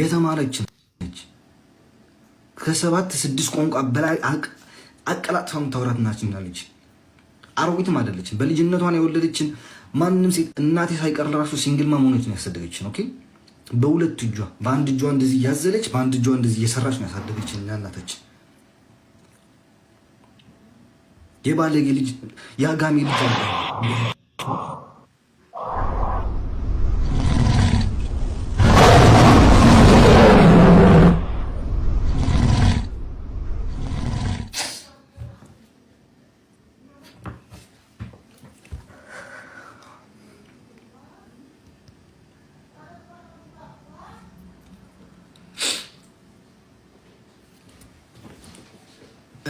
የተማረች ነች። ከሰባት ስድስት ቋንቋ በላይ አቀላጥፋም አቀላጥፋ የምታወራት ናችናለች። አሮጊትም አይደለችም። በልጅነቷን የወለደችን ማንም ሴት እናቴ ሳይቀር ለራሱ ሲንግል ማም ሆነች ነው ያሳደገችን። ኦኬ በሁለት እጇ በአንድ እጇ እንደዚህ እያዘለች በአንድ እጇ እንደዚህ እየሰራች ነው ያሳደገችን እና እናታችን የባለጌ ልጅ የአጋሜ ልጅ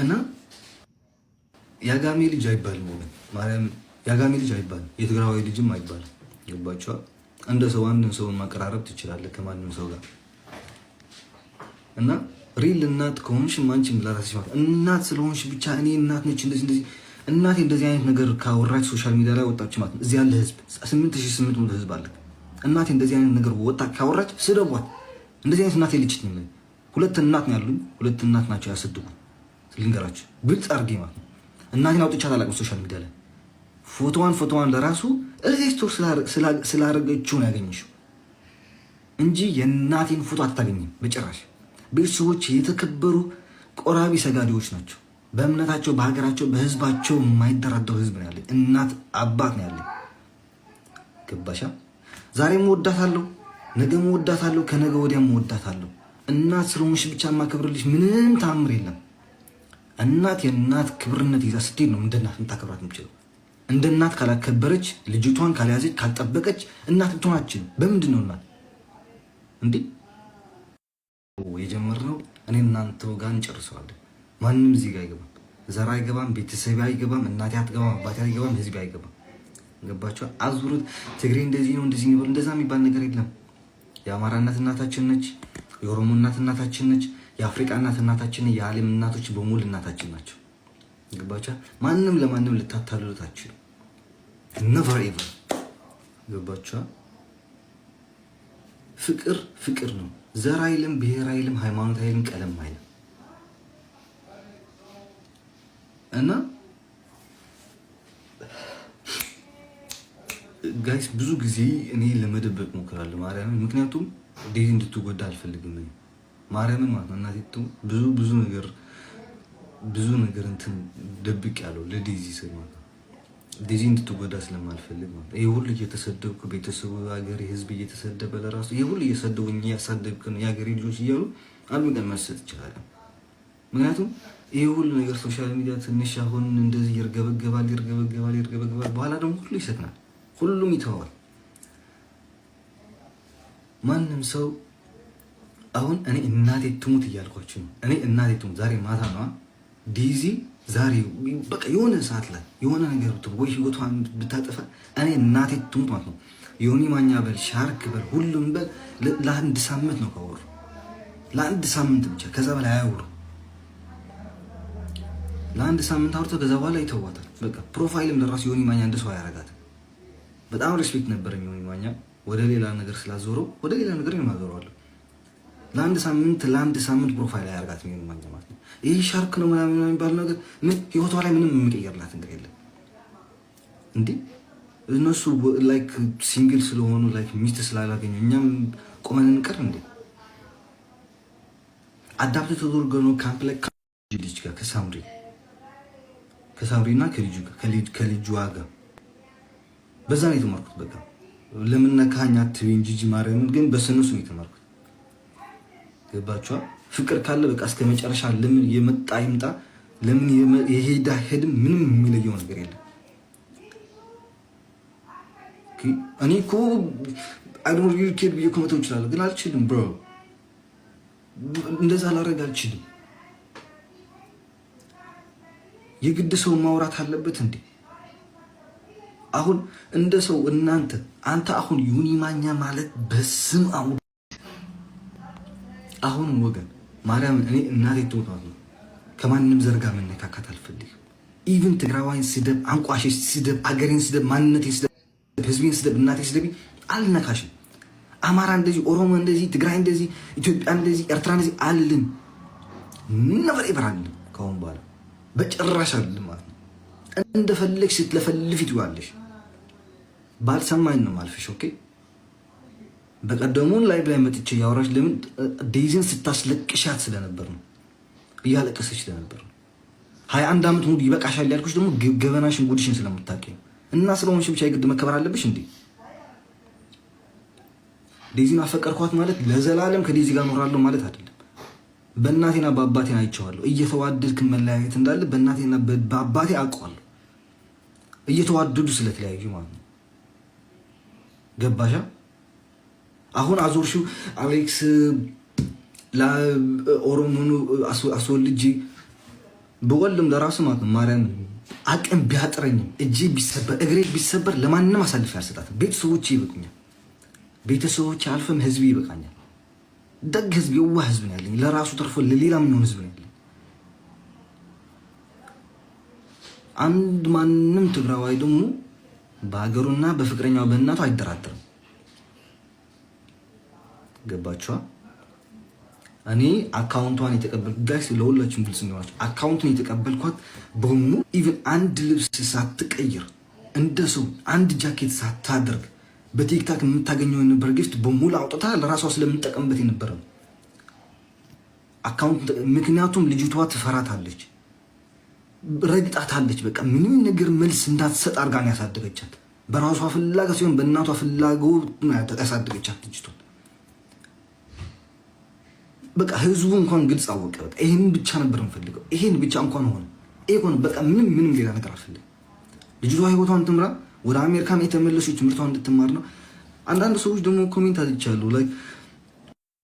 እና የአጋሜ ልጅ አይባልም። ማርያም የአጋሜ ልጅ አይባልም። የትግራዋይ ልጅም አይባልም። ገባችኋል? እንደ ሰው አንድን ሰውን ማቀራረብ ትችላለህ ከማንም ሰው ጋር እና ሪል እናት ከሆንሽ ማንችን ብላራሲ እናት ስለሆንሽ ብቻ እኔ እናት ነች እንደዚህ እንደዚህ እናቴ እንደዚህ አይነት ነገር ካወራች ሶሻል ሚዲያ ላይ ወጣች ማለት እዚህ ያለ ህዝብ 8800 ሺህ ህዝብ አለ። እናቴ እንደዚህ አይነት ነገር ወጣ ካወራች ስደቧት። እንደዚህ አይነት እናቴ ልጅት ነኝ ሁለት እናት ነው ያሉኝ። ሁለት እናት ናቸው ያሰድጉ ልንገራችሁ፣ ግልጽ አድርጌ ማለት እናቴን አውጥቻት አላውቅም። ሶሻል ሚዲያ ላይ ፎቶዋን ፎቶዋን ለራሱ ሬጅስተር ስላደረገችው ነው ያገኘሽው እንጂ የእናቴን ፎቶ አታገኝም በጭራሽ። ቤተሰቦች የተከበሩ ቆራቢ ሰጋዴዎች ናቸው። በእምነታቸው፣ በሀገራቸው፣ በህዝባቸው የማይደራደሩ ህዝብ ነው ያለኝ። እናት አባት ነው ያለኝ። ገባሻ? ዛሬም እወዳታለሁ፣ ነገም እወዳታለሁ፣ ከነገ ወዲያም እወዳታለሁ። እናት ስለሆንሽ ብቻ የማከብርልሽ ምንም ታምር የለም። እናት የእናት ክብርነት ይዛ ስትሄድ ነው እንደ እናት ልታከብራት የምችለው። እንደ እናት ካላከበረች፣ ልጅቷን ካልያዘች፣ ካልጠበቀች እናት ልትሆናችን በምንድን ነው እናት እንዴ? የጀመርነው እኔ እናንተ ጋር እንጨርሰዋለን። ማንም እዚህ ጋር አይገባም፣ ዘር አይገባም፣ ቤተሰብ አይገባም፣ እናቴ አትገባም፣ አባቴ አይገባም፣ ህዝብ አይገባም። ገባቸው አዙሩት። ትግሬ እንደዚህ ነው እንደዚህ ነው እንደዛ የሚባል ነገር የለም። የአማራ እናት እናታችን ነች። የኦሮሞ እናት እናታችን ነች። የአፍሪቃ እናት እናታችን፣ የዓለም እናቶች በሙሉ እናታችን ናቸው። ገባቻ ማንም ለማንም ልታታልሉታችሁ ነቨር ኤቨር ገባቻ። ፍቅር ፍቅር ነው። ዘር አይልም፣ ብሔር አይልም፣ ሃይማኖት አይልም፣ ቀለም አይልም እና ጋይስ ብዙ ጊዜ እኔ ለመደበቅ ሞክራለሁ ማርያምን፣ ምክንያቱም ዴዚ እንድትጎዳ አልፈልግም። ማርያምን ማለት ነው። እናቴ ብዙ ብዙ ነገር ብዙ ነገር እንትን ደብቅ ያለው ለዴዚ ስል ማለት ነው። ዴዚ እንድትጎዳ ስለማልፈልግ ማለት ነው። ይህ ሁሉ እየተሰደብኩ ቤተሰቡ፣ ሀገሬ፣ ህዝብ እየተሰደበ ለራሱ ይህ ሁሉ እየሰደቡኝ እያሳደብክ ነው የሀገሬ ልጆች እያሉ አንድ ቀን መሰጥ ይችላል። ምክንያቱም ይህ ሁሉ ነገር ሶሻል ሚዲያ ትንሽ አሁን እንደዚህ ይርገበገባል ይርገበገባል ይርገበገባል። በኋላ ደግሞ ሁሉ ይሰጥናል፣ ሁሉም ይተዋል። ማንም ሰው አሁን እኔ እናቴ ትሙት እያልኳችሁ ነው። እኔ እናቴ ትሙት ዛሬ ማታ ነው ዲዚ ዛሬ በቃ የሆነ ሰዓት ላይ የሆነ ነገር ወይ ህይወቷን ብታጠፋ እኔ እናቴ ትሙት ማለት ነው። የሆኒ ማኛ በል ሻርክ በል ሁሉም በል ለአንድ ሳምንት ነው ካወሩ ለአንድ ሳምንት ብቻ ከዛ በላይ አያወሩ። ለአንድ ሳምንት አውርቶ ከዛ በኋላ ይተዋታል። በቃ ፕሮፋይልም ለራሱ የሆኒ ማኛ እንደ ሰው አያረጋት። በጣም ሪስፔክት ነበረኝ የሆኒ ማኛ ወደ ሌላ ነገር ስላዞረው ወደ ሌላ ነገር ማዞረዋለሁ ለአንድ ሳምንት ለአንድ ሳምንት ፕሮፋይል ያደርጋት የሚሆን ማኛ ማለት ነው። ይህ ሻርክ ነው ምናምን የሚባል ነገር ምን ህይወቷ ላይ ምንም የሚቀየርላት ነገር የለም። እንዲህ እነሱ ላይክ ሲንግል ስለሆኑ ላይክ ሚስት ስላላገኙ እኛም ቆመን እንቀር እንዴ? አዳፕት ተደርጎ ነው ካምፕ ላይ ልጅ ጋር ከሳምሪ ከሳምሪ እና ከልጁ ከልጁ ዋጋ በዛ ነው የተማርኩት። በቃ ለምን ነካኛ አትበይኝ ጂጂ ማርያምን ግን በስንሱ ነው የተማርኩት። ገባችኋል? ፍቅር ካለ በቃ እስከ መጨረሻ ለምን የመጣ ይምጣ፣ ለምን የሄዳ ሄድ ምንም የሚለየው ነገር የለም። እኔ እኮ አይኖር ዩኬድ ብዬ እኮ እችላለሁ፣ ግን አልችልም ብሮ። እንደዛ ላደርግ አልችልም። የግድ ሰው ማውራት አለበት እንዴ? አሁን እንደ ሰው እናንተ አንተ አሁን ዩኒ ማኛ ማለት በስም አሁን አሁንም ወገን ማርያም እኔ እናቴ ትወጣት ነው። ከማንም ዘርጋ መነካካት አልፈልግም። ኢቭን ትግራዋይን ስደብ፣ አንቋሽ ስደብ፣ አገሬን ስደብ፣ ማንነት ስደብ፣ ህዝቤን ስደብ፣ እናቴ ስደቢ አልነካሽም። አማራ እንደዚህ፣ ኦሮሞ እንደዚህ፣ ትግራይ እንደዚህ፣ ኢትዮጵያ እንደዚህ፣ ኤርትራ እንደዚህ አልልም። ነበር ይበራል ከአሁን በኋላ በጭራሽ አልልም ማለት ነው። እንደፈለግሽ ስትለፈልፊ ትዋለሽ። ባልሰማኝ ነው ማልፍሽ። ኦኬ በቀደሙን ላይ ላይ መጥቼ ያወራች ለምን ዴይዝን ስታስለቅሻት ስለነበር ነው፣ እያለቀሰች ስለነበር ነው። ሀያ አንድ ዓመት ሙሉ ይበቃሻል ያልኩሽ ደግሞ ገበናሽን ጉድሽን ስለምታውቂ ነው። እና ስለሆንሽ ብቻ የግድ መከበር አለብሽ እንዴ? ዴይዚን አፈቀርኳት ማለት ለዘላለም ከዴይዚ ጋር እኖራለሁ ማለት አይደለም። በእናቴና በአባቴን አይቼዋለሁ። እየተዋደድክ መለያየት እንዳለ በእናቴና በአባቴ አውቀዋለሁ። እየተዋደዱ ስለተለያዩ ማለት ነው። ገባሻ? አሁን አዞርሽው አሌክስ ለኦሮሞኑ አስወልጄ በወልም ለራሱ ማለት ነው ማርያም አቅም ቢያጥረኝም እጅ ቢሰበር እግሬ ቢሰበር ለማንም አሳልፍ ያልሰጣት ቤተሰቦች ይበቁኛል። ቤተሰቦች አልፈም ህዝብ ይበቃኛል። ደግ ህዝብ፣ የዋህ ህዝብ ነው ያለኝ። ለራሱ ተርፎ ለሌላ ምንሆን ህዝብ ነው ያለኝ። አንድ ማንም ትግራዋይ ደግሞ በሀገሩና በፍቅረኛው በእናቱ አይደራደርም። ገባችኋ? እኔ አካውንቷን የተቀበልኩት ጋይስ ለሁላችሁም ግልጽ እንዲሆናችሁ አካውንትን የተቀበልኳት በሙ ኢቨን አንድ ልብስ ሳትቀይር እንደ ሰው አንድ ጃኬት ሳታደርግ በቲክታክ የምታገኘው የነበር ጊፍት በሙሉ አውጥታ ለራሷ ስለምንጠቀምበት የነበረ ነው አካውንት። ምክንያቱም ልጅቷ ትፈራታለች፣ ረግጣታለች። በቃ ምንም ነገር መልስ እንዳትሰጥ አድርጋ ነው ያሳደገቻት። በራሷ ፍላጋ ሲሆን በእናቷ ፍላጎት ያሳደገቻት ልጅቷ በቃ ህዝቡ እንኳን ግልጽ አወቀ። በቃ ይህን ብቻ ነበር የምፈልገው፣ ይሄን ብቻ እንኳን ሆነ። ይሄ ሆነ በቃ ምንም ምንም ሌላ ነገር አልፈልግም። ልጅቷ ህይወቷን ትምራ፣ ወደ አሜሪካን የተመለሰች ትምህርቷን እንድትማር ነው። አንዳንድ ሰዎች ደግሞ ኮሜንት አልቻሉ ላይክ